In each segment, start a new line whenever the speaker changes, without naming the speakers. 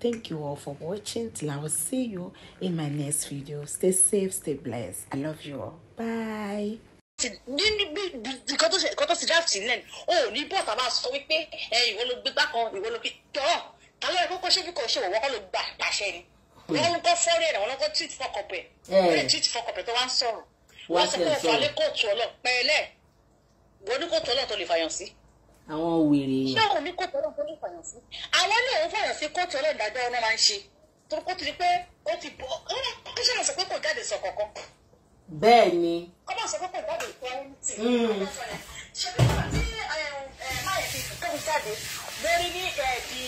Thank you all for watching. Till I will see you in my next video. Stay safe, stay blessed. I love you all.
Bye. nǹkan tó ṣe nǹkan tó ṣe draft sílẹ̀ o ò ní bọ́ọ̀tà máa sọ wípé ìwọ ló gbé gbákan ìwọ ló gbé tọ́ ta ló yẹ kókó ṣé kíkọ ṣe wọ́n kọ́ ló gbà pàṣẹ ni wọ́n ń kọ́ fọ́ọ̀rẹ́ rẹ̀ wọ́n lọ́kọ́ tweet fọkànpẹ̀
wọ́n lè
tweet
fọkànpẹ̀ tó wá ń sọ̀rọ̀
wọ́n á sọ pé ọ̀fọ̀ alẹ́
kóòtù ọlọ́pẹ́ẹ́lẹ̀ wọ́n ní kóòtù ọlọ́ọ̀ tó lè fàyàn sí
àwọn wèrè yẹn. ṣé
àwọn ní kóòtù ọlọ́run tó ní fàyàn sí àwọn ní òun fàyàn sí kóòtù ọlọ́run dájọ́ ọ̀nà máa ń ṣe tó kó tiri pé ó ti bọ́ kí ṣe àwọn sọ pé kò jáde sọ kankan. bẹ́ẹ̀ ni. kọ́mọ sọ pé kò jáde sọ ohun tí. Hmm. ṣé bí wọ́n ti máyẹ̀ fi tóun jáde lórí ní ẹ̀ẹ́dì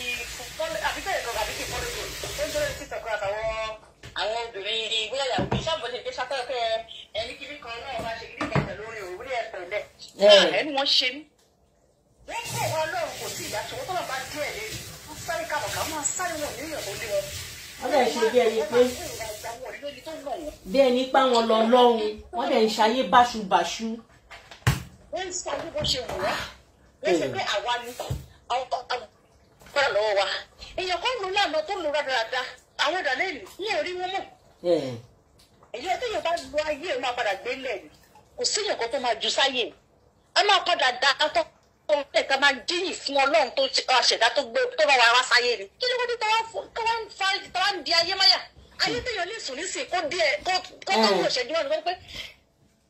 àbíkẹ́rẹ́ kan àbíkẹ́ fọ́lẹ́gbò ó ń jọ́lẹ̀ títọ̀ kan àtàwọn àwọn obìnrin bóyá ìyàwó bíi sábọ̀ lè gbé sápẹ́ pé ẹni kíní kan náà máa ṣe kíní kan pẹ̀lú orin òwúrẹ́ ẹ̀sẹ̀ lẹ̀. ẹnu wọn ṣe mí wọn lọ́run kò sí ìyá ṣòwò tọ́lọ́ bá dún ẹ̀ lérí wọ́n sáré kàbọ̀ kà wọ́n sáré wọn níyàn tó lé wọn.
wọ́n dẹ̀ ṣe bí ẹni pé bí ẹni pa wọn lọ lọ́hùn wọ́n dẹ̀ ń ṣayé báṣubàṣu.
wọ́n ń sọ bí wọ́n ṣe wù wá wọ́n pé àwa ni ọ̀pá lọ́wọ́ wa èèyàn kan lù lánàá tó lù rádaràda àwọn ọ̀dà lẹ́nu ní orí wọn mọ̀. èyí ọtí yóò bá lu ayé máa padà gbé lẹ̀ kò sí èèyàn kan tó máa ju sáyé ẹ máa padà da atọ́kùn ohun tẹ̀ ká máa díyìn fún ọlọ́run tó ṣẹ̀dá tó gbé tó bá wà wá sáyé ni kí ló wọ́n dé tó wá ń di ayé máyà ayé hmm. téèyàn lè sùn nísìn kó díẹ̀ kó tó wù ọ̀ṣẹ́jú wọn ni wọ́n pé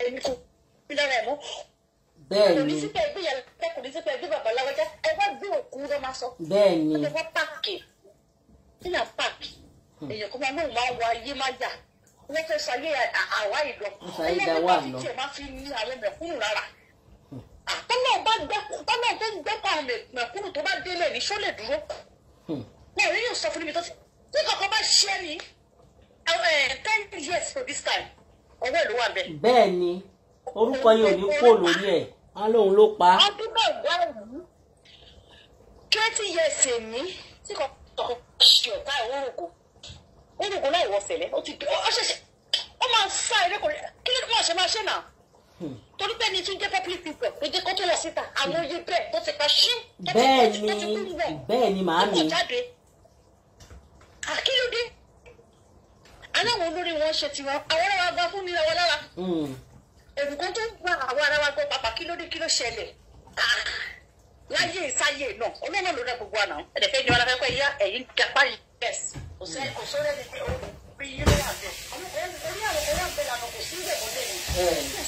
èmi kò fi lára ẹ̀ mọ́
bẹ́ẹ̀ ni kò ní sípẹ́
ẹgbẹ́ yàrá kò ní sípẹ́ ẹgbẹ́ bàbá láwájá ẹ wá gbé òkú lọ́ máa sọ bẹ́ẹ̀ ni wọ́n ti wá páàkì níyà hmm. fẹ́ sọ ayé àwa ìlọ ẹlẹ́gbẹ́ bá fi tiẹ̀ máa fi ní àwọn mẹ̀kúnnù rárá tọ́lá bá gbẹ́ tọ́lá tó gbẹ́ pa àmì mẹ̀kúrù tó bá délé ní ṣó lè dúró ní hmm. òrí yóò sọ fún mi tó ti tí kankan bá ṣe ni eh, ten years for this time ọwọ́ ìlú wà bẹ́ẹ̀.
bẹ́ẹ̀ ni orúkọ yìí ò ní kó lórí ẹ̀ á lóun ló pa.
ọdún náà wá òun twenty years èmi tí kankan ṣe ọ̀tá ìwọ́n ògo òun ògo náà ìwọ́ fẹ̀lẹ́ ó ti dé ó ṣẹ̀ṣẹ̀ ó máa ń sá eré kò kí ló máa ṣe máa ṣe náà torí pé ní tún jẹ́ public figure kò jẹ́ kó tó lọ síta àwọn oyè bẹ́ẹ̀ tó ti pa ṣí tó ti kú tó ti kú níbẹ̀ bẹ́ẹ̀ ni màá mi àkíyòdé aláwọ̀ olórí wọn ṣe tiwọn àwọn ará wa gba fún mi lọ́wọ́ lára ẹ̀bùkún tó ń gba àwọn ará wa gbọ́ pàpà kí ló dé kí ló ṣẹlẹ̀ láyé ìsáyé náà ọlọ́run ló rẹ gbogbo àná ẹ̀dẹ̀ fẹ́ jẹ́ wọn lápẹ́pẹ́ yá ẹ̀yìn gapá yìí bẹ́ẹ̀s kò sẹ́ kò sọ́rẹ́ ni pé ó bí yíyá àgbẹ̀ orí àwọn ọ̀rẹ́ àgbẹ̀ lànà kò sí ìgbẹ̀ kò dé ni.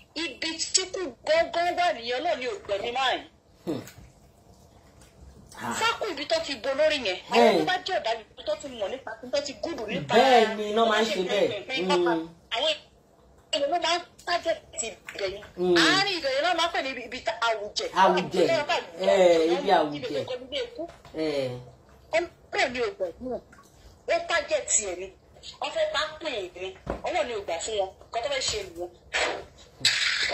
ibi tí kú gángan wà nìyẹn náà ni òògùn ẹ̀mí máa yìí sákò hmm. ibi tó ti bo lórí yẹn àwọn tó bá jẹ́ ọ̀daràn ibi tó ti mọ̀ nípa tó ti gùdù nípa bẹ́ẹ̀ ni iná máa ń ṣe bẹ́ẹ̀ àwọn èèyàn ló máa ń tájẹ̀ ti ibẹ̀ yẹn hmm. àárín ibẹ̀ yẹn náà máa ń pè ní ibi àwùjẹ àwùjẹ eh, ibi àwùjẹ ọ̀pẹ̀ eh. ni ògbà náà wọ́n tájẹ̀ tiẹ̀ ni wọ́n fẹ́ bá pè é ọwọ́ ni ògbà fún wọn kọ́tọ́ fẹ́ ṣe nìyẹn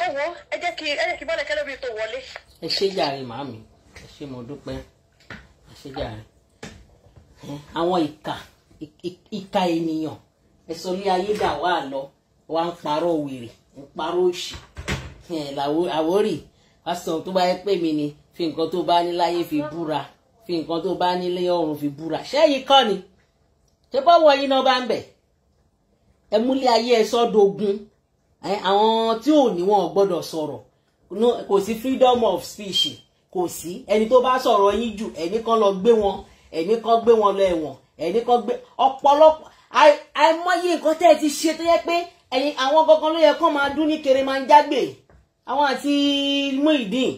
ẹ wo ẹ jẹ́ kí ẹ jẹ́ kí bọ́lá kẹlẹ́ mi tó wọlé.
ẹ ṣé jàre màámi ẹ ṣé mo dúpẹ́ ẹ ṣé jàre àwọn ìka ìka ènìyàn ẹ sọ ní ayé dà wá lọ wá ń parọ́ wèrè ń parọ́ òṣì àwórì pásítọ̀ tó bá yẹ pé mi ni fi nǹkan tó bá ní láyé fi búra fi nǹkan tó bá nílé ọ̀run fi búra ṣẹ́yìn kọ́ ni ṣé bọ́wọ́ yín náà bá ń bẹ̀ ẹ múlé ayé ẹ sọ́dọ̀ ogun Eh, àwọn tí ò ní wọn gbọ́dọ̀ sọ̀rọ̀ kò sí freedom of speech kò sí ẹni tó bá sọ̀rọ̀ yín jù ẹni kan lọ gbé wọn ẹni kan gbé wọn lọ ẹ̀wọ̀n ẹni kan gbé ọ̀pọ̀lọpọ̀ àìmọye nǹkan tẹ́ ẹ ti ṣe tó yẹ pé ẹ̀yin àwọn gangan ló yẹ kó máa dún ní kéré máa ń jágbè àwọn àti mú ìdín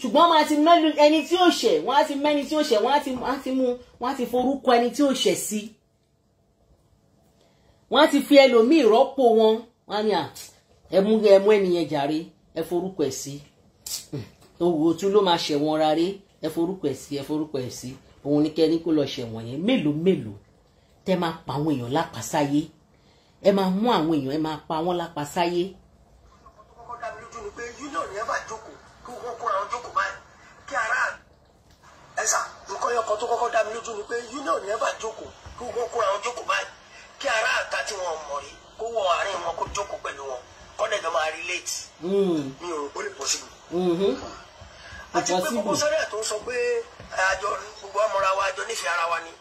ṣùgbọ́n wọ́n á ti mẹ́lu ẹni tí ó ṣẹ̀ wọ́n á ti mẹ́ni tí ó ṣẹ̀ wọ́n á ti mú wọ́n á ti forúkọ ẹni tí ó ṣẹ̀ sí wọ́n á fi ẹlòmíì rọ́pò wọn wọn á ní à ẹ mú ẹ mú ẹnìyẹn jàre ẹ forúkọ ẹ sí òtún ló máa ṣẹ̀wọ̀n rárẹ̀ ẹ forúkọ ẹ sí ẹ forúkọ ẹ sí òun ní kẹ́ni kó lọ ṣẹ̀wọ̀n yẹn mélòó mélòó tẹ́ máa pa àwọn èèyàn lápasáyé ẹ máa mú àwọn èèyàn ẹ máa pa wọ́n lápasáyé.
ọkọ nǹkan yẹn tó kọ́kọ́ dá mi lójú ni pé union yẹn bá kí wọn kó àwọn jókòó báyìí kí ara àtàtì wọn mọ̀ rí wọ àárín wọn kó jókòó pẹ̀lú wọn kọ́nẹ̀jọ máa relate hmm. mi ò rò possible. Hmm. Hmm. àti pé gbogbo sọ́dẹ̀ tó ń sọ pé eh, àjọ gbogbo amọ̀ra wa àjọ nífẹ̀ẹ́ ara wa ni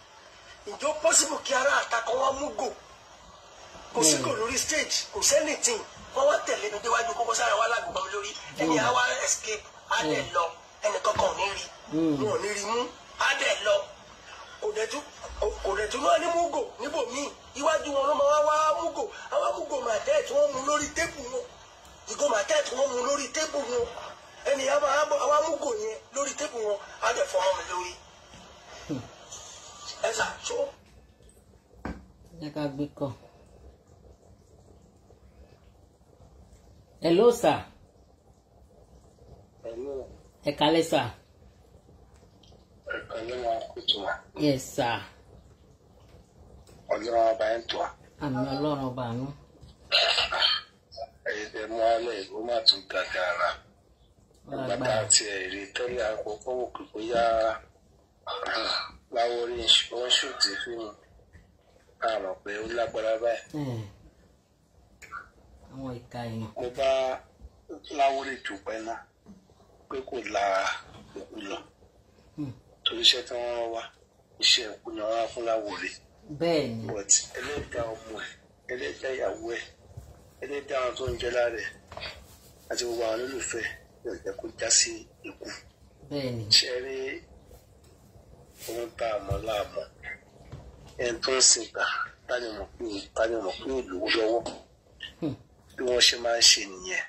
ìjọ possible kí ara àtakọ̀ wọn mú gò kò sí gò lórí stage kò sẹ́nìtìn wọ́n wá tẹ̀lé mi déwájú kókó sára wa lágbègbè lórí ẹni àwa escape á dẹ̀ lọ ẹnì kankan ò ní rí wọn ò ní rí mú á dẹ̀ lọ dẹ̀tú kò dẹ̀tú náà ní múgò níbòmíì iwájú wọn ló máa wá múgò àwọn múgò màtẹ́ tí mú lórí tébù wọn ìgò màtẹ́ tí mú lórí tébù wọn ẹni àwọn múgò yẹn lórí tébù wọn á dẹ̀ fọ́ ọmọ lórí ẹ sà tó.
ẹ ká gbé kọ. hello sir. ẹ kálẹ́ sir
ọlọ́run kò tó wa.
yes sir. ọlọ́run ọba ẹ̀ ń tó wa. àmì ọlọ́run ọba àánú.
ẹ̀yin tẹ mú alẹ́ ìlú má tún gàgàrà bàbá àti ẹ̀rí tẹ́lẹ̀ àkókò wò pé bóyá láwọn orí wọn ṣùtì fíìmù àmọ̀ pé ó lágbára báyìí. mo bá láwọn orí jù náà pé kò la òkú torí iṣẹ́ tí wọ́n wá iṣẹ́ ẹ̀kú ni wọ́n á fún láwòrè. bẹ́ẹ̀ni. but ẹlẹ́dàá ọmọ ẹ̀ ẹlẹ́dàá ìyàwó ẹ̀ ẹlẹ́dàá àwọn tó ń jẹ́ lára ẹ̀ àti gbogbo àwọn olólùfẹ́ yóò jẹ́ kó já sí ikú. bẹ́ẹ̀ni. ṣe rí ohun tá a mọ̀ láàmú ẹni tó ń sìn gbà tani mọ̀ pé tani mọ̀ pé olówó lọ́wọ́ hmm. bí wọ́n ṣe máa ń ṣe nìyẹn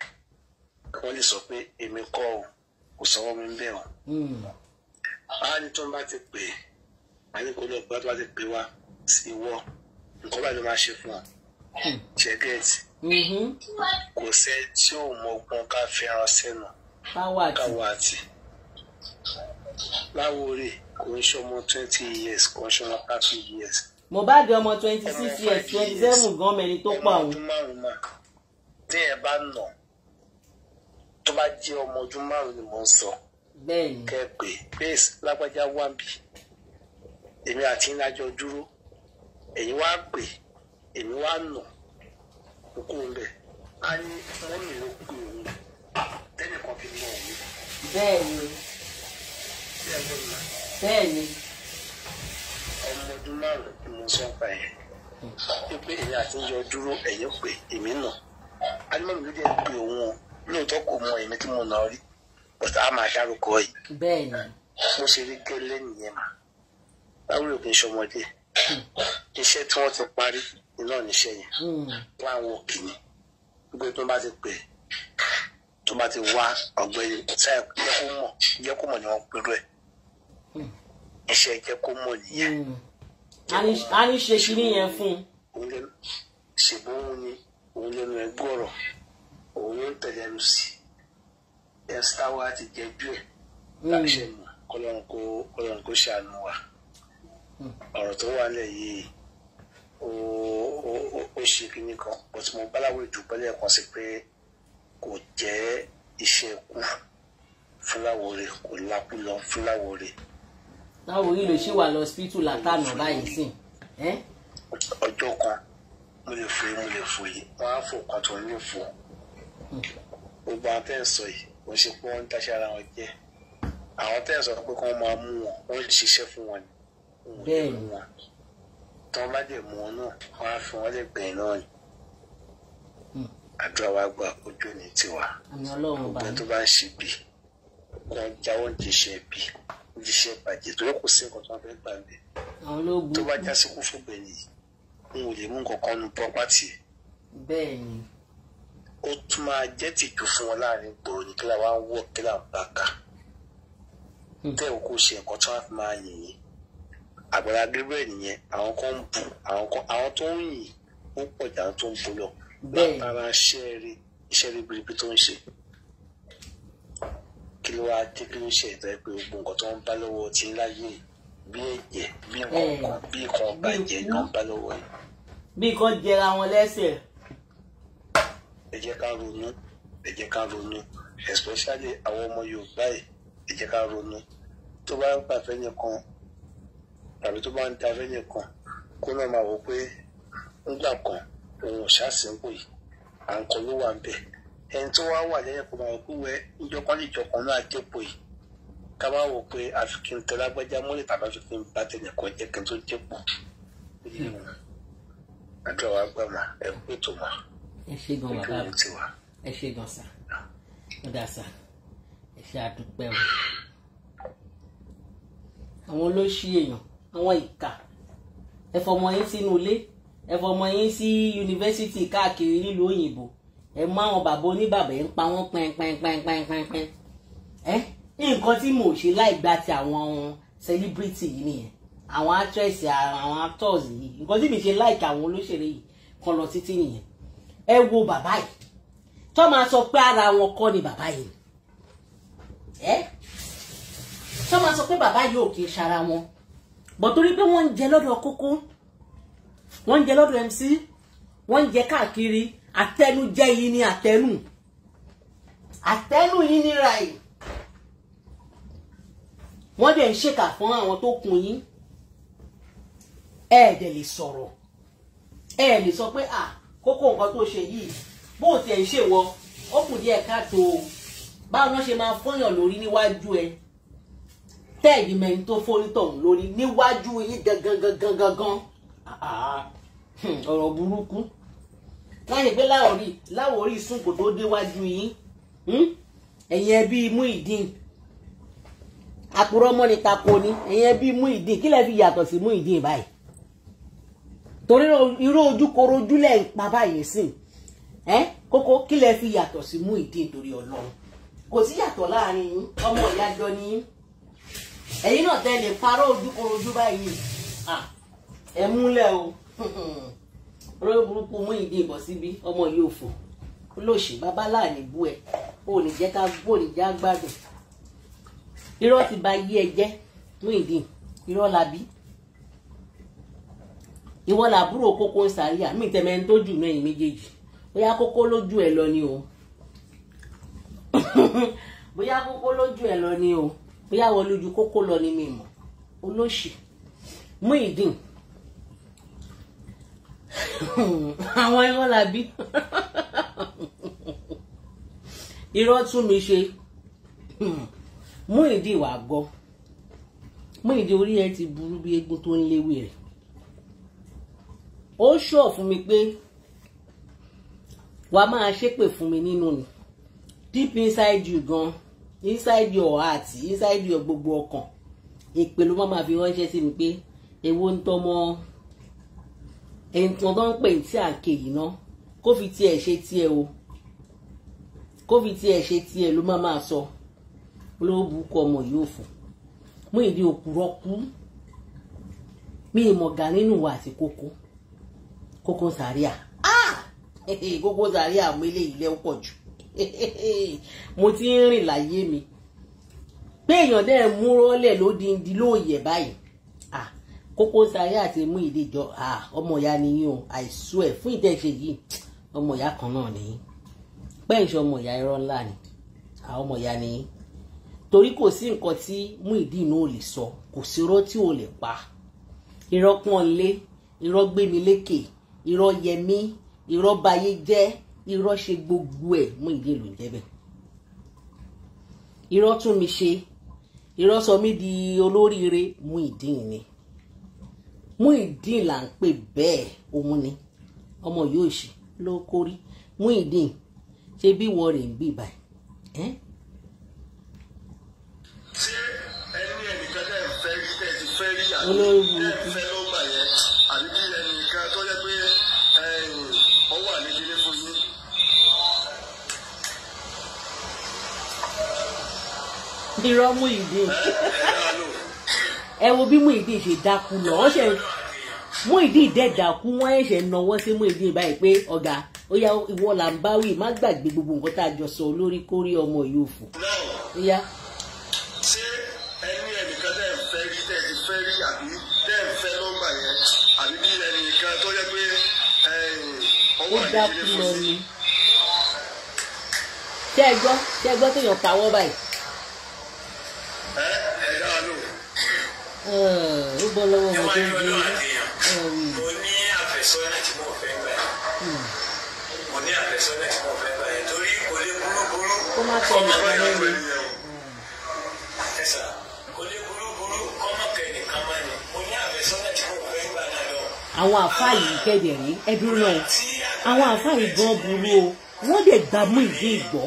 wọ́n lè sọ pé èmi kọ́ ò kò sọ́wọ́ mi ń bẹ̀ hmm a ní tó ń bá ti pè á ní kó lọ gbọ́ tó bá ti pè wá sí wọ́ nǹkan báyìí ló máa ṣe fún wa ṣẹ́gẹ́ẹ̀tì hmm. mm-hmm. kò sẹ́ tí ò mọ̀gbọ́n ká fẹ́ràn sẹ́nu káwọ́ àti láwo rè kò ń ṣe ọmọ twenty years kò ń ṣe ọmọ thirty years.
Mohbad ọmọ twenty six years twenty seven gan mẹ́rin tó pa
òun. tí ẹ bá nà tó bá jẹ́ ọmọ ọdún márùn ni mò ń sọ bẹ́ẹ̀ni kẹ pé grace lágbájá wà ń bì èmi àti yín lájọ dúró ẹ̀yin wá pè èmi wá nà òkú rẹ̀ á ní wọ́n mi ló pè òun tẹ́nìkan fi mọ òun. bẹ́ẹ̀ni bẹ́ẹ̀ni. ọmọ ọdún márùn-ún ni mo sọ pa ẹ̀ pé èmi àti yín dúró ẹ̀yin pè èmi nà á ní mọ̀ mi ló dé pè òun o lóòótọ́ kò mọ èmi tí mo nà ọ́ rí but a máa dárúkọ yìí. bẹ́ẹ̀ni. mo ṣe rí gẹ́lẹ́ nìyẹn mà láwùjọ kì í ṣọmọdé iṣẹ́ tí wọ́n ti parí iná níṣẹ́ yẹn hmm. wọ́n àwọn òkìní gbé tó bá ti pè tó bá ti wá ọ̀gbẹ́ni sáyẹ jẹ́ kó mọ̀ jẹ́ kó mọ̀ ni wọ́n pẹ̀lú ẹ̀ hmm. iṣẹ́ jẹ́ kó mọ̀ nìyẹn. Hmm. a ní ṣe kiri yẹn fún un. òun ni òun lẹnu ẹgbẹ́ òun ló ń tẹ̀lé ẹnu sí i ẹ̀sítá wa ti jẹ díẹ̀
láṣẹ hmm. mọ̀
kọlọ́run kó kọlọ́run kó ṣàánú wa hmm. ọ̀rọ̀ tó wà lẹ̀ yìí ó ṣe kíní kan bó ti mo báláwo ìdúpẹ́lẹ̀ kan sí pé kò jẹ́ iṣẹ́ ikú fúláwòrè kò lákú lọ fúláwòrè.
táwọn orí lè ṣì wà lọ sípítù látànà báyìí sìn.
ọjọ́ kan mo lè fòye mo lè fòye wọ́n á fò kan tó ń lò fò hmm. gbogbo àtẹ̀sọ yìí ń ṣe pé wọ́n ń taṣẹ́ ara wọn jẹ́ àwọn tẹ́ sọ pé kí wọ́n máa mú wọn wọ́n ń ṣiṣẹ́ fún wọn ni bẹ́ẹ̀ ni wọn tí wọ́n bá dẹ̀ mú wọn náà wọ́n á fi wọ́n lè gbẹ̀yìn náà ni hmm. àdúrà wa gba ojú ní tiwa gbogbo tó bá ń ṣe bí wọn jáwọ́ ń jíṣẹ́ bí ń jíṣẹ́ bàjẹ́ torí kò sí nǹkan tó wọ́n fẹ́ gbà ń tó bá já síkú fún bẹ̀ nìyí n ò lè mú nǹkan kan nu pọ́pátì. bẹ́ẹ̀ ni ó tún máa jẹ́ tìjú fún wọn láàrin gbòòrò ní kíláà wá ń wọ̀ kíláà ń hmm. tẹ́ ò kó ṣe nǹkan tí wọ́n fi máa yìn yín Àgbàlá Gabriel nìyẹn àwọn kan ń bù àwọn kan àwọn tó ń yìn ó pọ̀ jà tó ń bù lọ látara iṣẹ́ rí iṣẹ́ rí biribi tó ń ṣe kí ló wáá dé kí ló ṣe ìtọ́ ẹ pé gbogbo nǹkan tó ń bá lọ́wọ́ ti ń láyé bí ẹ̀jẹ̀ bí nǹkan hmm. bí nǹkan bàjẹ́ ló ń bá lọ́wọ́ yìí.
bí nǹkan jẹra wọn lẹ́sẹ̀
ẹ jẹ́ ká ronú ẹ jẹ́ ká ronú especially àwọn ọmọ Yorùbá yìí ẹ jẹ́ ká ronú tó bá ń pàfẹ́ yẹn kan tàbí tó bá ń da fẹ́ yẹn kan kó náà máa wò pé ńgbà kan òun ò ṣàṣìǹkò yìí à ń kọ ló wà ń bẹ̀ ẹni tó wá wà lẹ́yìn kó máa wò pé wẹ́ ńjọ́kọ́ lè jọkọ̀ náà dépò yìí ká má wò pé àfi kí mọ́lẹ̀ tàbí àfi bá tẹ̀yìn kan jẹ́ kí n tó dépò àdúrà wa gbà má ẹ̀ ń pètò má
ẹ ṣe gan bàbá ẹ ṣe gan sà ah. ó dà sà ẹ ṣe àdúpẹ́ o àwọn olóṣì èèyàn àwọn ìkà ẹ fọmọ yín sínú ilé ẹ fọmọ yín sí yunifásitì káàkiri nílùú òyìnbó ẹ mọ àwọn bàbá oníbàbà ẹ ń pa wọn pẹ́ńpẹ́ńpẹ́ńpẹ́ńpẹ́ń ẹ nǹkan tí mo ṣe láì gba ti àwọn celebrity yìí nìyẹn àwọn actress àwọn actors yìí nǹkan tí mi ṣe láìka àwọn olóṣèré yìí kan lọ títí nìyẹn ẹ wo bàbá yìí tó máa sọ pé ara wọn kọ́ ni bàbá yìí ẹ tó máa sọ pé bàbá yìí ò kì í ṣara wọn bọ̀ torí pé wọ́n ń jẹ lọ́dọ̀ kókó wọ́n ń jẹ lọ́dọ̀ MC wọ́n ń jẹ káàkiri àtẹnujẹ yìí ni àtẹnu àtẹnu yìí ni ra yìí wọ́n dẹ̀ ń ṣèkà fún àwọn tó kun yín ẹ lè sọ̀rọ̀ ẹ lè sọ pé ah kókó nǹkan tó ṣe yìí bó o tiẹ̀ ń ṣèwọ ó kù díẹ̀ káàtó o báwo ni wọ́n ṣe máa fọ́yàn lórí níwájú ẹ tẹ́ẹ̀dì mẹ́rin tó fórítọ̀ ọ̀hún lórí níwájú yín gangan gangan gangan ọ̀rọ̀ burúkú láyé pé láwòrí láwòrí sùn kò tó déwájú yín ẹ̀yin ẹbí Muyideen àpòrọ̀ ọmọ ni tako ni ẹ̀yin ẹbí Muyideen kí lẹ fi yàtọ̀ sí Muyideen báyìí torí irú ojúkoro ojúlẹ̀ ń pa báyìí sìn ẹ́ kókó kí lẹ fi yàtọ̀ sí Muyideen torí Ọlọ́run kò sí yàtọ̀ láàrin yín ọmọ ìyá jọ ni yín ẹ̀yin náà tẹ́ lè parọ́ ojúkoro ojú báyìí ẹ múlẹ̀ o olórí burúkú Muyideen bọ̀ síbi ọmọ yìí ò fò olóòṣì babaláàní bú ẹ ò ní jẹ́ ká gbó ní já gbádùn irọ́ ti ba yí ẹ jẹ́ Muyideen irọ́ la bí ìwọ làbúrò kókó sàríà mí tẹ̀mẹ́ tó jù náà ẹ̀yìn méjèèjì bóyá kókó lójú ẹ̀ lọ ni o bóyá kókó lójú ẹ̀ lọ ni o bóyá wọ lójú kókó lọ ni mi mọ̀ olóṣì Muyideen àwọn irọ́ làbí irọ́ tún mi ṣe Muyideen wà gọ́ Muyideen orí ẹ ti burú bí eégún tó ń léwé rẹ̀ ó ṣọ̀ fún mi pé wàá máa ṣépè fún mi nínú ni deep inside you gan inside your heart inside your gbogbo ọkàn èpè ló máa fi ránṣẹ́ sí mi pé èwo ń tọmọ ẹ̀ǹtàn tó ń pè tí à ń ké yìí ná kó fi tiẹ̀ ṣe tiẹ̀ o kó fi tiẹ̀ ṣe tiẹ̀ ló má máa sọ olówó burúkú ọmọ yìí ò mú ìdí òkúrọ́kú mi ìmọ̀gà nínú wa àti kókó. Koko Zaria ah Koko Zaria àmọ́ eléyìí lẹ́wọ́ pọ̀ jù mo ti ń rìn láyé mi pé èèyàn dẹ́ mú rọ́lẹ̀ lódindi lóòyẹ̀ báyìí ah Koko Zaria àti mú ìdíjọ ah ọmọ ìyá nìyí o I swear fún ìtẹ̀sẹ̀ yìí ọmọ ìyá kan náà nìyí pé ìṣe ọmọ ìyá irọ́ ńlá ni àwọn ah! ọmọ ìyá nìyí torí kò sí nǹkan tí mú ìdínú ò lè sọ kò sí irọ́ tí ò lè pa irọ́ pọ́n lé irọ́ gbé mi lékè irọ́ yẹmí irọ́ bayé jẹ́ irọ́ ṣe gbogbo ẹ̀ mú ìdí èlò jẹ́ bẹ́ẹ̀ irọ́ tún mi ṣe irọ́ sọ mí di olóríire mú ìdí ni mú ìdí là ń pè bẹ́ẹ̀ òun ni ọmọ yóò ṣe ló kórí mú ìdí ṣe bí wọ́n rè ń bì báyìí. ṣé ẹni ẹnìkan tẹ̀ ń fẹ́ rí tẹ̀ fẹ́ fẹ́ irọ́ mú ìdí ẹ wo bí mú ìdí ṣe dákú lọ wọ́n ṣe mú ìdí ìdẹ́ dákú wọ́n ẹ̀ṣẹ̀ náwó sí mú ìdí báyìí pé ọ̀gá ó yá ìwọ là ń báwí má gbàgbé gbogbo nǹkan tá a jọ sọ olórí kórí ọmọ yìí ò fò. ṣé
ẹni ẹnìkan tẹ́ ẹ fẹ́ rí tẹ́ ẹ fẹ́ rí àbí tẹ́ ẹ fẹ́ nọ́mbà yẹn
àbí bí ẹnìkan tó yẹ pé ọwọ́ àyè ilé fún mi.
ṣé ẹ gbọ́ ṣé ẹ gbọ́ téèyàn pawọ́ báyìí
ẹ ẹ dá wa
lò.
ó bọ́ lọ́wọ́ ọmọ tó ń gbé
mo ní àfẹ́sọ́nà tí mo fẹ́ gbà yẹn hmm. mo ní àfẹ́sọ́nà tí mo fẹ́ gbà yẹn torí kò lè burúburú kọ́mọ bá yẹn wọ ènìyàn ẹ sà kò lè burúburú
kọ́mọ kẹ́ni kama ni mo ní àfẹ́sọ́nà tí mo fẹ́ gbà náà lọ. àwọn àfáà yìí kẹ́dẹ̀ rí ẹdúró náà àwọn àfáà yìí gan burú o wọ́n lè gbàmú ìdí ìgbọ́.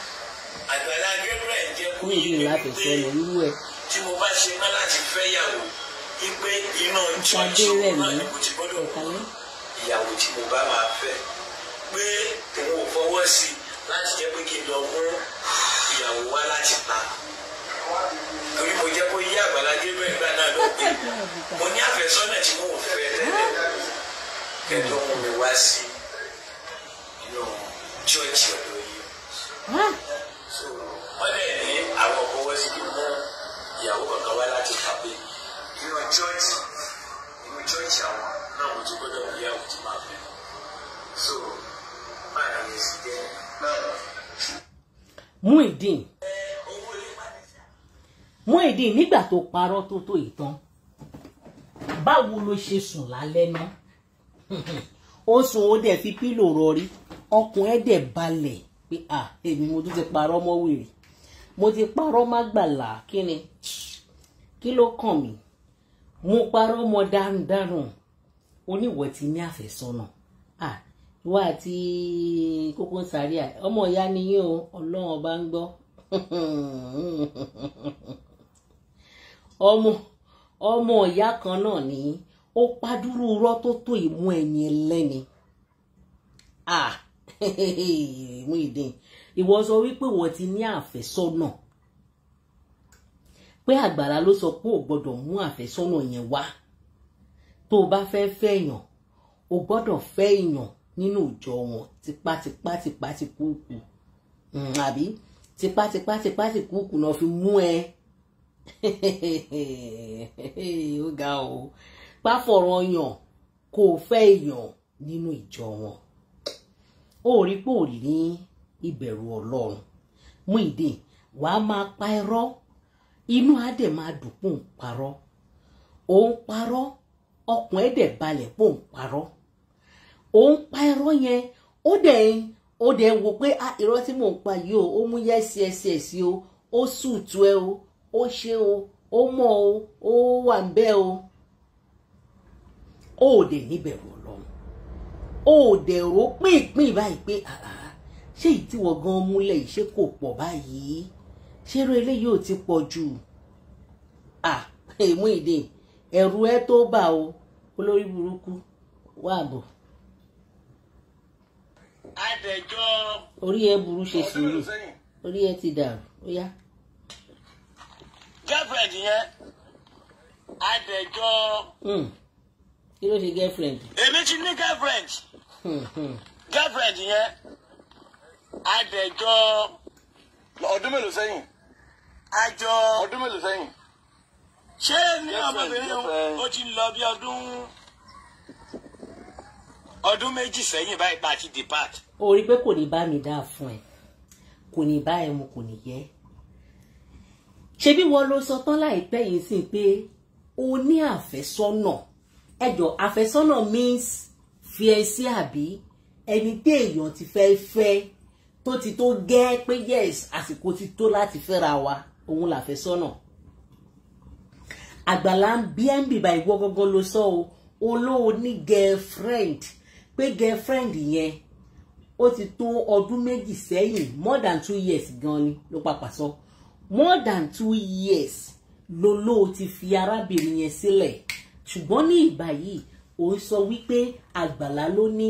àgbàlá Gabriel jẹ́ kó yé mi pé tí mo bá ṣe má láti fẹ́ yàwó wípé iná ṣọ́ọ̀ṣì máa ní mo ti gbọ́dọ̀ mú ìyàwó tí mo bá máa fẹ́ pé òun ò fọwọ́ sí i láti jẹ́ pé kí n lọ mú ìyàwó wá láti pa torí mo jẹ́ kó yé àgbàlá Gabriel gbà náà lọ pé mo ní àfẹ́sọ́nà tí mo ò fẹ́ tẹ́lẹ̀ kẹ́tọ́ mú mi wá sí inú ṣọ́ọ̀ṣì ọ̀dọ́ yìí.
Ah! wọ́n dẹ̀ ní àwọn ọkọ wọ́n sì lè mú ìyàwó kankan wá láti kàwé inú chọ́ọ̀chì inú chọ́ọ̀chì àwọn náà
wọ́n nígbà tó parọ́ tó tó ìtàn báwo ló ṣe sùn lálẹ́ náà ó sùn ó dẹ̀ fi pílò rọrí ọkùn ẹ̀ dẹ̀ balẹ̀ pé à èmi mo tún ti parọ́ mọ́ wèrè mo ti parọ́ má gbàlà kí ni kí ló kàn mí mo parọ́ mọ́ dáradára oníwọ̀ ti ní àfẹ́sọ́nà à ìwà àti kókó ń sáré à ọmọ ìyá ni yín o ọlọ́run ọba ń gbọ́ ọmọ ọmọ ìyá kan náà ni ó pàdúrú rọ́ tó tó ìmú ẹ̀yìn ẹlẹ́ni. Ah. Muyideen ìwọ sọ wípé wọ́n ti ní àfẹ́sọ́nà pé àgbàlá ló sọ pé ò gbọ́dọ̀ mú àfẹ́sọ́nà yẹn wá tó o bá fẹ́ fẹ́ èèyàn o gbọ́dọ̀ fẹ́ èèyàn nínú ìjọ wọn tipátipá tipátipúùkù hmm, àbí tipátipá tipátipúùkù náà fi mú ẹ ó ga o páfọ̀rọ̀ yàn kó o fẹ́ èèyàn nínú ìjọ wọn ó rí pé ò ní ìbẹ̀rù ọlọ́run Muyideen wàá máa pa irọ́ inú á dẹ̀ máa dùn pò ń parọ́ ò ń parọ́ ọkàn ẹ̀ dẹ̀ balẹ̀ pò ń parọ́ ò ń pa irọ́ yẹn ó dẹ̀ ó dẹ̀ ń pé ah irọ́ tí mò ń pa yìí o ó mú yẹ́sì ẹsì ẹ̀sì o ó sùtù ẹ o ó ṣe o ó mọ̀ o ó wà ń bẹ́ o ó dẹ̀ níbẹ̀rù ọlọ́run ó dẹ̀ ó pín ìpín báyìí pé ah, ah, ah, ṣé èyí tí wọ́n gan múlẹ̀ yìí ṣé kò pọ̀ báyìí ṣé eré eléyìí ò ti pọ̀ jù èmú ìdè ẹ̀rù ẹ tó bà o olórí burúkú wà bọ̀. adẹjọ́ orí ẹ burú ṣe sùúrù orí ẹ ti dàrú ó yá.
girlfriend yẹn adẹjọ́.
Hmm, kí ló ṣe girlfriend.
èmi ti ní girlfriend
girlfriend
yẹn adẹjọ ọdún mélòó sẹ́yìn àjọ ọdún mélòó sẹ́yìn. ṣé ní ọmọbìnrin ó ti lọ bí ọdún ọdún méjì sẹ́yìn báyìí bá ti depart.
o rí i pé kò ní bá mi dáa fún ẹ kò ní bá ẹ mu kò ní yẹ ṣebí wọn ló sọ tán láìpẹ́ yìí sí pé o ní àfẹ́sọ́nà ẹjọ́ àfẹ́sọ́nà means fi ẹ sí àbí ẹni tí èèyàn ti fẹ́ fẹ́ tó ti tó gẹ́ pé yes àsìkò ti tó láti fẹ́ra wa òun làfẹ́sọ́nà àgbàlá bnb bá ìwọ gangan ló sọ o olóò ní girlfriend pé girlfriend yẹn ó ti tó ọdún méjì sẹ́yìn more than two years gan ni ló papà sọ more than two years lolóò ti fi arábìnrin yẹn sílẹ̀ ṣùgbọ́n ní ìgbà yìí ò ń sọ wípé àgbàlá ló ní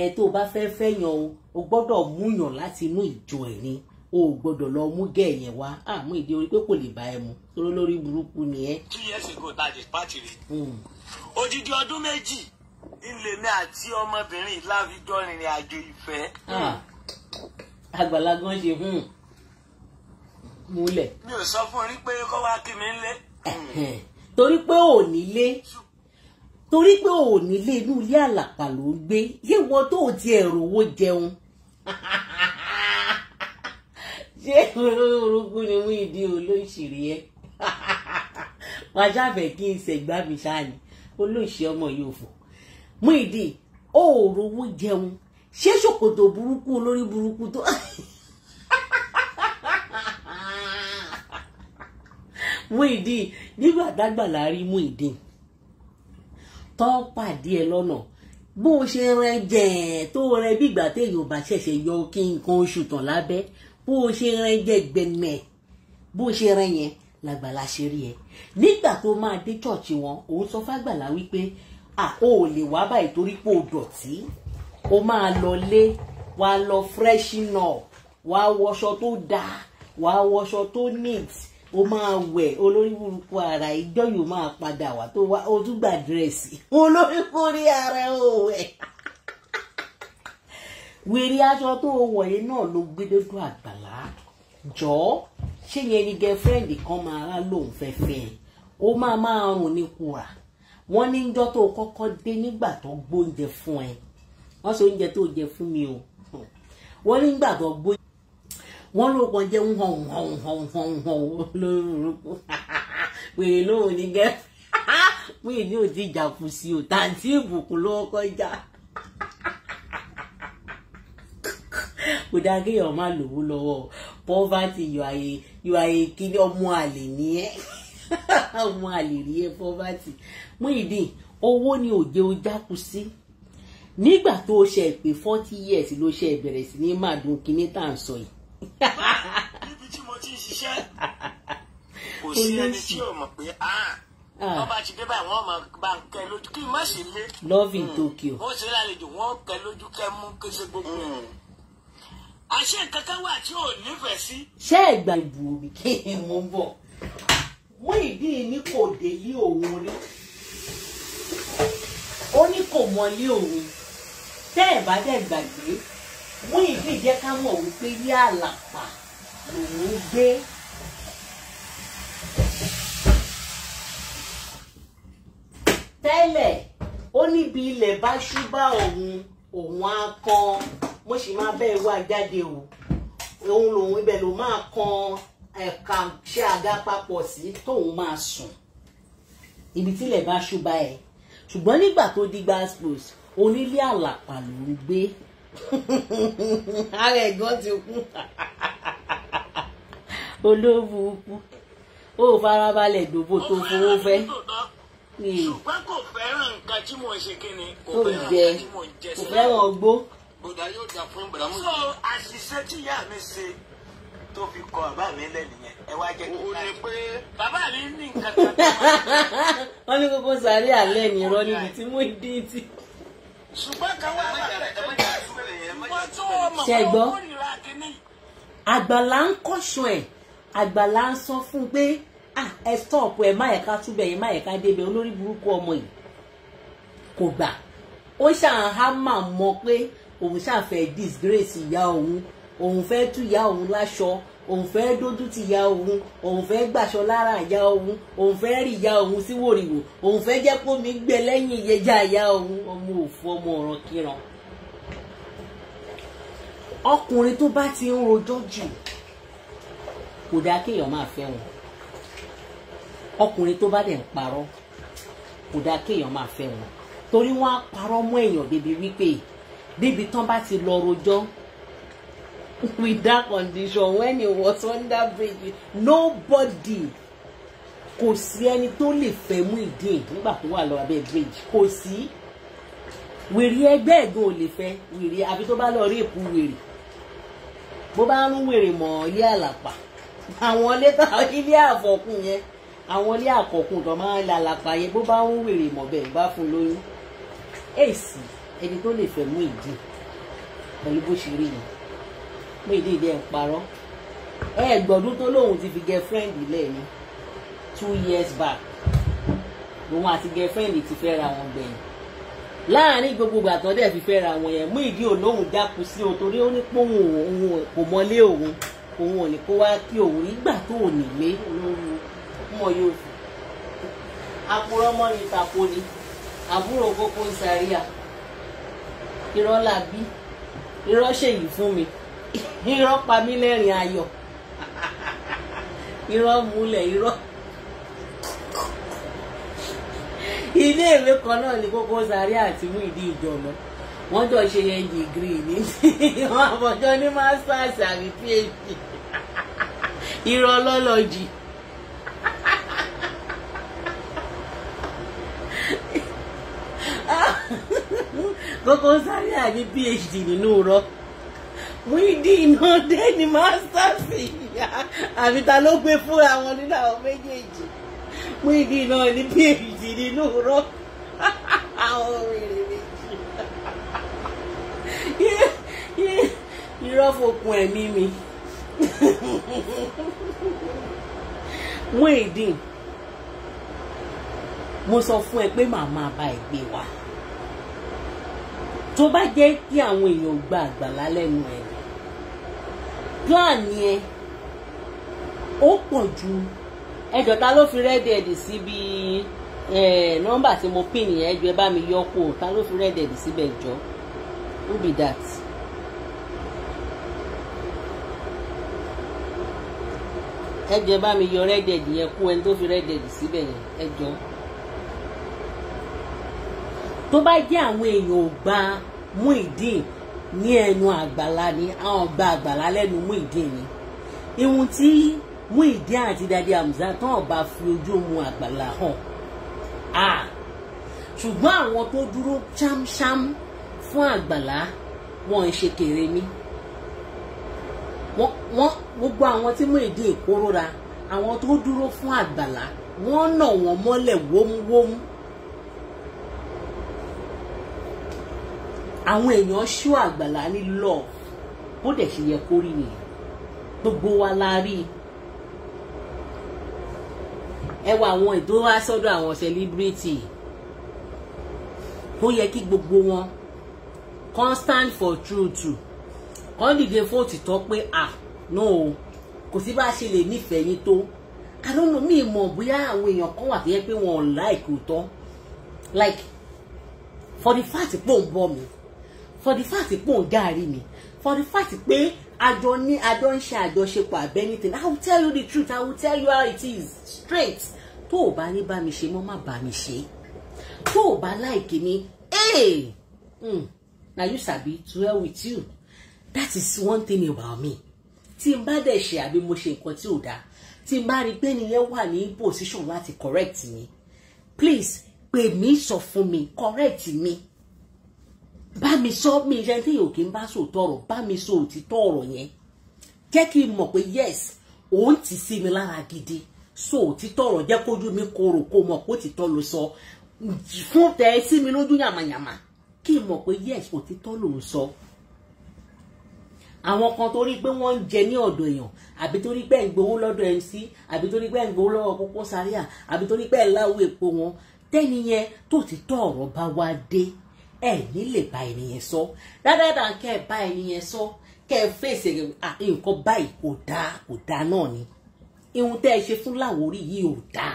ẹ tó bá fẹ́ fẹ́yàn o o gbọ́dọ̀ múyàn láti inú ìjọ ẹ̀ ni o ò gbọ́dọ̀ lọ mú gẹ̀ẹ́yẹn wá àmú ìdí orí pé kò lè bá ẹ mu tóró lórí burúkú ni ẹ. two
years ago ta lè pàtìrì hmm. odidi ọdún méjì ilé mi àti ọmọbìnrin láfijọ́ rìnrìn àjò ìfẹ́.
àgbàlá gan ṣe hmm, múlẹ̀.
mi ò sọ fún orí pé kó wá
kí mi ń lé. torí pé ò nílé. ṣùgbọ́n torí pé ò nílé inú ilé àlàpà ló ń gbé yíwọ tó o ti ẹ̀rọ owó jẹun ṣé orogún ni mú ìdí olóṣèré ẹ wàá ṣàfẹ́ kí n ṣẹ̀gbá mi ṣáàní olóṣè ọmọ yóò fò mú ìdí ó rówó jẹun ṣé ṣòkòtò burúkú olórí burúkú tó mú ìdí nígbà dágbà la mú ìdí tó pàdé ẹ lọ́nà bó o ṣe rẹ jẹ̀ẹ́ tó rẹ bí ìgbà téèyàn bá ṣẹ̀ṣẹ̀ yọ kí nǹkan oṣù tàn lábẹ́ bó o ṣe rẹ jẹ gbẹ̀mẹ̀ bó o ṣe rẹ yẹn làgbàlá ṣe rí ẹ nígbà tó máa dé ṣọ́ọ̀ṣì wọn òun sọ fàgbàlá wípé à ó lè wá báyìí torí pé o dọ̀tí o máa lọ lé wàá lọ freshen up wàá wọṣọ tó dáa wàá wọṣọ tó neat o máa wẹ̀ olórí burúkú ara ìjọ yóò máa padà wá tó wá o tún gba dírẹ́sì olórí kórí ara ò wẹ̀ wèrè aṣọ tó wọ̀ yẹn náà ló gbé dódó àgbàlá jọ ṣé yẹn ni girlfriend kan máa rà lóun fẹ́ fẹ́ ó máa máa rùn ní kura wọ́n ní jọ́ tó kọ́kọ́ dé nígbà tó gbóúnjẹ fún ẹ wọ́n sọ oúnjẹ tó jẹ fún mi o wọ́n nígbà tó gbóúnjẹ wọ́n ló kàn jẹ́ ń hàn hàn hàn hàn hàn lórúkọ wèrè lóhùn ní gẹ́ pé ní ò ti jà kù sí o tàǹtí ìbùkún ló kọjá kò dáa kéèyàn má lówó lọ́wọ́ poverty you are a you are a kí ọmọ àlè ní ẹ ọmọ àlè rí ẹ poverty Muyideen owó ni òjé o jákù sí nígbà tó ṣe pé forty years ló ṣe bẹ̀rẹ̀ sí ní màdùn kínní tá à ń sọ yìí
níbi tí mo ti ń ṣiṣẹ́ kò sí ẹni tí ò mọ̀ pé ah, ah. wọ́n ti dé báyìí wọ́n máa bá ń kẹ́ lójú kí n má ṣe lé.
love hmm. Tokyo.
wọ́n ṣe lálejò wọ́n kẹ́ lójú kẹ́ mú kí ṣe gbogbo ẹ̀. Hmm. àṣé nǹkan wà tí ò nífẹ̀ẹ́ sí.
ṣé ẹ̀gbà ìbò mi kí n mú bọ̀ wọ́n ìdí ni kò délé òun rí ó ní kò mọlé òun tẹ́ ẹ̀ bá dẹ̀ gbàgbé wọ́n ìdí jẹ́ ká mọ̀ wípé yí àlàpà lòún gbé. tẹ́lẹ̀ ó níbi ilẹ̀ bá ṣúbà òun òun á kan mo sì máa bẹ́ẹ̀ wá jáde o òun lòun ibẹ̀ ló máa kan ẹ̀ka ṣé àga papọ̀ sí tóun máa sùn ibi tí ilẹ̀ bá ṣúbà ẹ̀ ṣùgbọ́n nígbà tó di gbàgbọ́s onílé àlàpà lòún gbé. ara ẹ̀gbọ́n ti kú olóòwò kú ó farabalẹ̀ dòbò tó fowó fẹ́. ṣùgbọ́n
kò fẹ́ràn nǹkan tí mò ń ṣe kí ni kò fẹ́ràn nǹkan tí mò ń jẹ sílẹ̀. kò fẹ́ràn gbó. bùdá yóò dà fún bùdámù. so àṣìṣe tí ìyá mi ṣe tó fi kọ bàbá mi lẹ́nìyẹn ẹ wá jẹ́ kí n láti. bàbá mi ní nǹkan kan.
wọ́n ní gbogbo sàárẹ̀ alẹ́ mi rọ́ níbi tí mo dín tì
ṣùgbọ́n kan wá wà wọ́n tó ọmọ pé ó nira kínní.
àgbàlá ń kọ́ṣọ́ ẹ̀ àgbàlá ń sọ fún un pé ah, ẹ stop ẹ má ẹ̀ka túbẹ̀ ẹ má ẹ̀ka débẹ̀ olórí burúkú ọmọ yìí kò gbà ó ṣàn á mà mọ̀ pé òun ṣàfẹ́ disgrace ìyá òun òun fẹ́ tú ìyá òun láṣọ òun fẹ́ dójú ti ya òun òun fẹ́ gbàṣọ lára àyà òun òun fẹ́ rí ìyá òun sí wòrìwò òun fẹ́ jẹ́ kó mi gbẹ lẹ́yìn ìyẹjà àyà òun ọmọ òfu ọmọ ọ̀ràn kíran. ọkùnrin tó bá ti ń rojọ́ jù kò dáa kéèyàn máa fẹ́ wọn ọkùnrin tó bá dẹ̀ ń parọ́ kò dáa kéèyàn máa fẹ́ wọn torí wọ́n á parọ́ mọ́ èèyàn débi wípé débi tán bá ti lọ rojọ́ with that condition when he was under bridge nobody kò sí ẹni tó lè fẹ́ mú ìdí nígbà tó wà lọ abẹ́ bridge kò sí wèrè ẹgbẹ́ ẹ̀gbọ́n ò lè fẹ́ wèrè àfi tó bá lọ rí èkú wèrè bó bá ń wèrè mọ́ ilé àlàpà àwọn létà ilé àfọ̀kùn yẹn àwọn ilé àkọ̀kùn tó máa ń lálàpà yẹn bó bá ń wèrè mọ́ bẹ́ẹ̀ bá fún lóyún èsì ẹni tó lè fẹ́ mú ìdí pẹ̀lú bó ṣe rí yẹn pé ìdí ìdí ẹ̀ ń parọ́ ẹ gbọ́dún tó lóun ti fi girlfriend lẹ̀ two years back òun àti girlfriend ti fẹ́ ra wọn gbẹ̀yìn láàárín gbogbo ìgbà tó dẹ̀ fi fẹ́ ra wọn yẹn mú ìdí olóhùn dákú sí o torí ó ní pòun òun kò mọlé òun òun ò ní kó wá kí òun nígbà tó ò ní lé olóhùn mọ yóò fò àpòrọ̀ mọ́ ni tako ni àbúrò kókó ń sáré à irọ́ làbí irọ́ ṣèyí fún mi irọ́ pa mí lẹ́rìn ayọ̀ irọ́ múlẹ̀ irọ́ ilé ìwé kan náà ni kókó sáré àti mú ìdí ìjọba wọ́n jọ ṣe yẹn dìgírì ní wọ́n àbọ̀jọ́ ní masters àbí phd irọ́ lọ́lọ́jì. kókó sáré àbí phd nínú rọ́. Muyideen náà dé ní masters àbí ta ló gbé fúnra wọn nínú àwọn méjèèjì Muyideen náà ní phd nínú rọ
àwọn wèrè méjì
irọ́ fòkun ẹ̀mí mi Muyideen mo sọ fún ẹ pé màmá bá ẹ gbé wa tó bá jẹ́ kí àwọn èèyàn gba àgbàlá lẹ́nu ẹ plan yẹn ó pọ̀ ju ẹjọ́ ta ló fi rẹ́dẹ̀ẹ̀dì síbi nọ́mbà tí mo pín nìyẹn ẹjọ́ ẹ bá mi yọ kó ta ló fi rẹ́dẹ̀ẹ̀dì síbẹ̀ jọ who be that. ẹjọ́ ẹ bá mi yọ rẹ́dẹ̀ẹ̀dì yẹn kó ẹni tó fi rẹ́dẹ̀ẹ̀dì síbẹ̀ yẹn ẹjọ́ tó bá jẹ́ àwọn èèyàn ò gba Muyideen ní ẹnu àgbàlá ni àwọn gba àgbàlá lẹ́nu Muyideen ni ihun tí Muyideen àti Dádì Amzat tán ọba fi ojú mu àgbàlá hàn á ṣùgbọ́n àwọn tó dúró ṣámṣám fún àgbàlá wọn ṣe kéré ní wọ́n gbogbo àwọn tí Muyideen kóró ra àwọn tó dúró fún àgbàlá wọ́n nà wọ́n mọ́lẹ̀ wómúwómú. àwọn èèyàn ṣú àgbàlá ní love bó dẹ̀ ṣe yẹ kó rí nìyẹn gbogbo wa la rí i ẹ wọ àwọn ètò wá sọ́dọ̀ àwọn celebrity ó yẹ kí gbogbo wọn kan stand for truth kan dìde fún òtítọ́ pé ah no o kò sí bá a ṣe lè nífẹ̀ẹ́ yín tó àdónú mi mọ̀ bóyá àwọn èèyàn kan wà tó yẹ pé wọn ò láìkò tán like for the fact pé òun bọ́ mi for the fact pé òun dáàrí mi for the fact pé àjọ ní àjọ ń ṣe àjọṣepọ̀ anything. i will tell you the truth i will tell you how it is straight tó o bá ní bá mi ṣe mọ́ má bá mi ṣe tó o bá láìkí mi hey mm, na you sabi to hell with you that is one thing about me tí n bá dẹ̀ ṣe àbí mo ṣe nǹkan tí ò dáa tí n bá rí pé nìyẹn wà ní position láti correct mi please pè mí sọ fún mi correct mi bá mi sọ mi ìṣe tí yóò kí n bá sòótọ́ ọ̀rọ̀ bá mi sọ òtítọ́ ọ̀rọ̀ yẹn jẹ́ kí n mọ̀ pé yes òun ti sí mi lára gidi so òtítọ́ ọ̀rọ̀ jẹ́ kójú mi korò kó mọ̀ pé òtítọ́ ló sọ fún tẹ ẹ sí mi lójú yàmàyàmà kí n mọ̀ pé yes òtítọ́ ló ń sọ àwọn kan torí pé wọ́n ń jẹ ní ọ̀dọ̀ èèyàn àbí torí pé ẹ̀ ń gbowó lọ́dọ̀ MC àbí torí pé ẹ̀ ń gbowó lọ́wọ́ Koko Zaria àbí torí pé ẹ̀ ń láwọ èpo wọn tẹ́ni yẹn tó ti tọ́ ọ̀rọ̀ bá wá dé ẹ ní lè bá ẹni yẹn sọ rárá kẹ ẹ bá ẹni yẹn sọ kẹ ẹ fèsì nǹkan báyìí kò dáa kò dáa náà ni ihun tẹ́ ẹ ṣe fún Láwòrí yìí ò dáa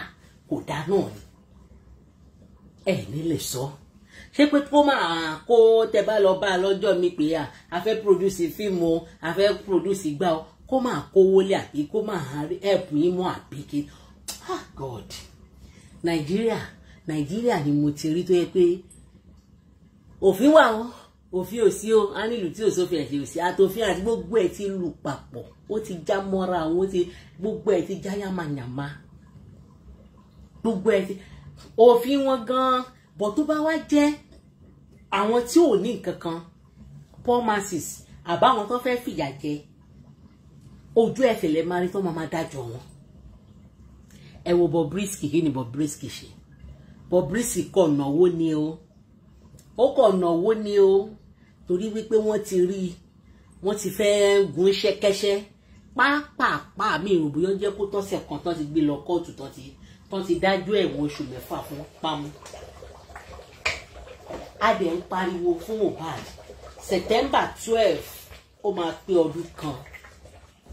kò dáa náà ni ẹ ní lè sọ ṣé pé kó máa kó tẹ bá lọ bá a lọ́jọ́ mi pé à a fẹ́ pòdùsì fíìmù o a fẹ́ pòdùsì gbà o kó máa kówó lé àbí kó máa ẹ̀bù yín mọ́ àbí kí ah God Nàìjíríà Nàìjíríà ni mo ti rí tó yẹ pé òfin wà wọn òfin ò sí o a nílùú tí òsófin ẹ̀sìn ò sí àtòfin àti gbogbo ẹ̀ ti lù papọ̀ ó ti já mọ́ra àwọn ó ti gbogbo ẹ̀ ti já yàmàyàmà gbogbo ẹ̀ ti òfin wọn gan-an bọ̀ tó bá wá jẹ́ àwọn tí ò ní nǹkan kan poor masses àbáwọn tó fẹ́ fìyà jẹ ojú ẹsẹ̀ lẹ́ máa rí tó máa máa dájọ́ wọn ẹ wo Bobrisky kí ni Bobrisky ṣe Bobrisky kọ̀ náwó ni o ó kọ̀ náwó ni o torí wípé wọ́n ti rí i wọ́n ti fẹ́ gun ṣẹ́kẹ́ṣẹ́ pápápá mi ò bóyá jẹ́ kó tọ́sẹ̀ kan tán ti gbé lọ kóòtù tán ti tán ti dájọ́ ẹ̀wọ̀n oṣù mẹ́fà fún pamọ́ a ń pariwo fún Mohbad September twelve ó máa pé ọdún kan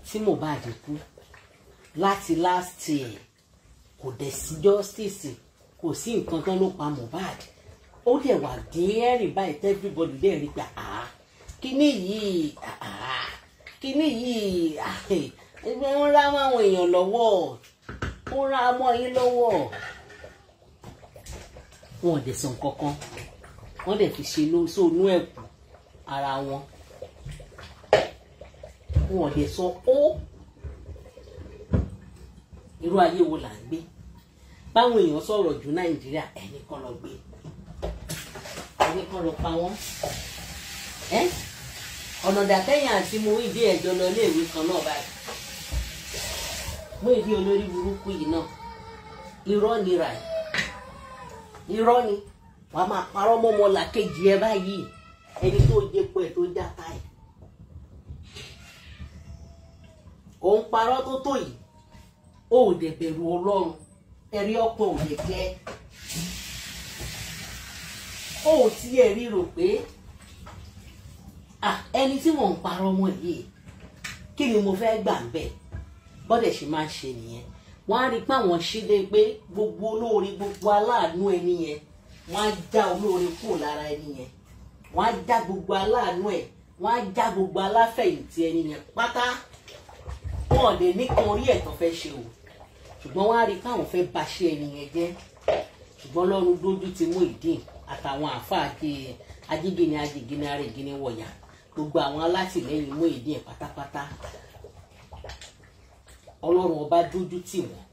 tí Mohbad kú láti last year kò dẹ̀ sí justice kò sí nǹkan tán ló pa Mohbad ó dẹ̀ wà dẹ́rìn báyìí everybody dẹ̀ rí pé àá kíní yìí àá kíní yìí ẹgbẹ́ ń rá àwọn èèyàn lọ́wọ́ ń rá ọmọ yín lọ́wọ́ wọn ò dẹ̀ sàn kankan wọn dẹ̀ fi ṣe sóònú ẹ̀kú ara wọn wọn ò dẹ̀ sọ ó irú ayé wo là ń gbé báwọn èèyàn sọ̀rọ̀ ju Nàìjíríà ẹnì kan lọ gbé ọ̀rọ̀ pa wọ́n ọ̀nà dàkẹ́yìn àti mo ìdí ẹ̀jọ́ lọ iléèwé kan náà báyìí mo ìdí olórí burúkú yìí náà irọ́ ni rà irọ́ ni wà á máa parọ́ mọ́ ọmọ làkejì ẹ báyìí ẹni tó jẹpo ẹ̀ tó játa ẹ̀ òun parọ́ tó tó yìí ó dẹ̀ bẹ̀rù ọlọ́run ẹ̀rí ọ̀pọ̀ òde jẹ́ ó ò tí ẹ̀ rí rò pé ẹni tí wọ́n ń parọ́ mọ́ yìí kí ni mo fẹ́ gbà ń bẹ̀ bọ́dẹ̀ ṣe máa ń ṣe nìyẹn wọ́n á rí i pé àwọn ṣílé pé gbogbo olóore gbogbo aláàánú ẹni yẹn wọ́n á já olóore kúrò lára ẹni yẹn wọ́n á já gbogbo aláàánú ẹ̀ wọ́n á já gbogbo aláfẹ̀yìntì ẹni yẹn pátá wọn ò lè nìkan orí ẹ̀ tó fẹ́ ṣe o ṣùgbọ́n wọ́n á rí pé àwọn fẹ́ baṣẹ́ ẹni yẹn jẹ́ ṣùgbọ́n lọ́run dójú ti mú ìdín àtàwọn àáfàá kí ajígini ajígini arìgini wọ̀yà gbogbo àwọn alátìlẹ́yìn mú èdè ẹ̀ pátápátá ọlọ́run ọba dójú tì wọ́n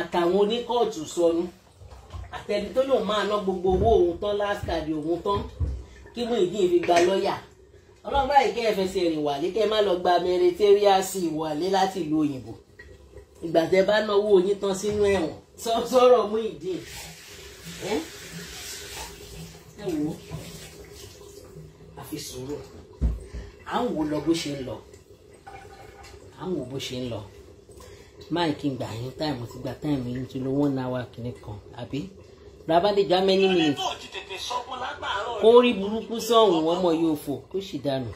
àtàwọn oníkóòtù sọnù àtẹni tó lòun máa ná gbogbo owó òun tán last card òun tán kí mú ìdí ìfi gba lọ́ọ̀yà ọlọ́run báyìí kẹ́ ẹ fẹsẹ̀ rìn wálé kẹ́ ẹ má lọ gba mẹrẹtẹ́ríàsì wálé láti ìlú òyìnbó ìgbà tẹ́ bá náwó yín tán sínú ẹ̀wọ̀n sọ̀rọ̀ mú ìdí ẹ̀ ẹ wò ó àfi sùúrù à ń wò lọ bó ṣe ń lọ à ń wò bó ṣe ń lọ máì kí n gbà yín táìmù ti gba táìmù yín ti lo one hour kìíní kan àbí rabadejọ amẹni minutes kó rí burúkú sọ̀hún ọmọ yóò fò kó sì dànù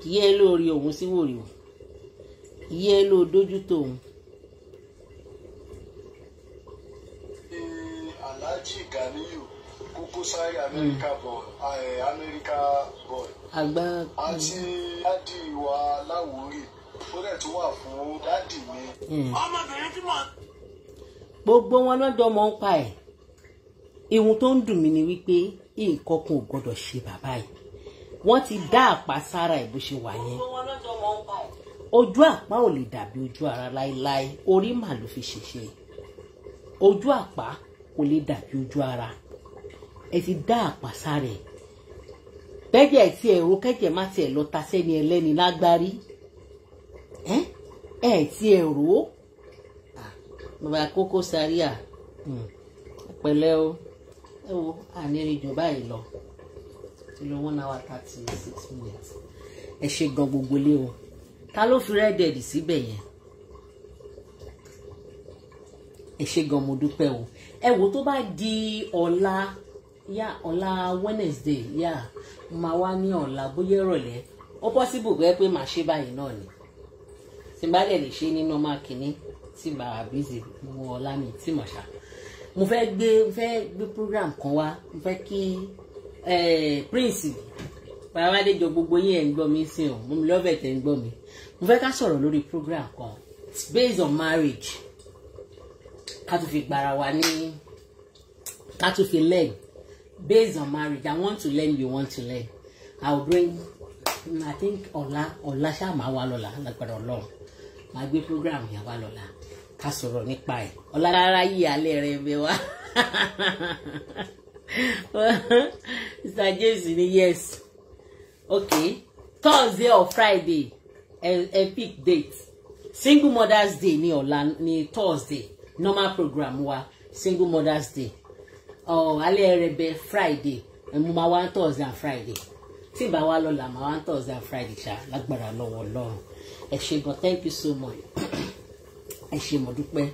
kí yẹ lóore òun sí wòrì o kí yẹ lóo dójú tó òun.
Alhaji Ganiyu kókó sáré hmm. amẹ́ríkà bọ̀ amẹ́ríkà
bọ̀ àti
hmm. dádì wa láwórì ó dẹ̀
tó wà fún dádì mi. Hmm. ọmọbìnrin tí mo.
gbogbo wọn lọ́jọ́ mọ́ ń pa ẹ̀ ìhun tó ń dùn mí ni wípé nǹkan kan ò gbọdọ̀ ṣe bàbá yìí wọ́n ti dá àpá sára ẹ̀ bó ṣe wà yẹn ojú àpá ò lè dàbí ojú ara láéláé orí mà fi ṣèṣe ojú àpá kò lè dàbí ojú ara ẹ ti dá àpàsà rẹ̀ bẹ́jẹ̀ tí ẹ̀rọ kẹ́jẹ̀ má tiẹ̀ lọ ta sẹ́ni ẹlẹ́ni lágbárí ẹ hmm, ẹ ti ẹ̀rọ bàbá Koko Zaria pẹ̀lẹ́ o ẹ wo ànírìnjò báyìí lọ ti lọ one hour thirty six minutes ẹ ṣe gan gbogbo lé o ta ló fi rẹ́ẹ̀dẹ̀dì síbẹ̀ yẹn ẹ ṣe gan mo dúpẹ́ o ẹ wo tó bá di ọ̀la yá ọ̀la Wednesday yá máa wá ní ọ̀la bóyá ìrọ̀lẹ́ ó possible bẹ́ẹ̀ pé màá ṣe báyìí náà ni tí bá lè lè ṣe ní normal kìíní tí bá busy wọ ọ̀la mi tí mà ṣá mo fẹ́ gbé fẹ́ gbé program kan wá mo fẹ́ kí Prince Báwádéjọ gbogbo yín ẹ̀ ń gbọ́ mi sí o mo lọ́bẹ̀ tẹ̀ ń gbọ́ mi mo fẹ́ ká sọ̀rọ̀ lórí program kan it's based on marriage ká tún fi gbàrà wa ní ká tún fi lẹ́yìn based on marriage i want to learn you want to learn i will bring i think ọ̀la ọ̀la ṣáà máa wá lọ́la lágbára ọlọ́run máa gbé program yẹn wá lọ́la ká sọ̀rọ̀ nípa ẹ̀ ọ̀la rárá yí alẹ́ rẹ bẹ wá Mr. James ni yes okay Thursday or Friday a e, pick date single mothers day ní ọ̀la ní Thursday normal program wa single mothers day Oh, alẹ́ rẹ̀ bẹ friday mo máa wá thursday and friday tí ìbá wa lọ́la máa wá thursday and friday ṣá lágbára lọ́wọ́ ọlọ́run ẹ ṣé gan thank you so much ẹ ṣé mo dúpẹ́.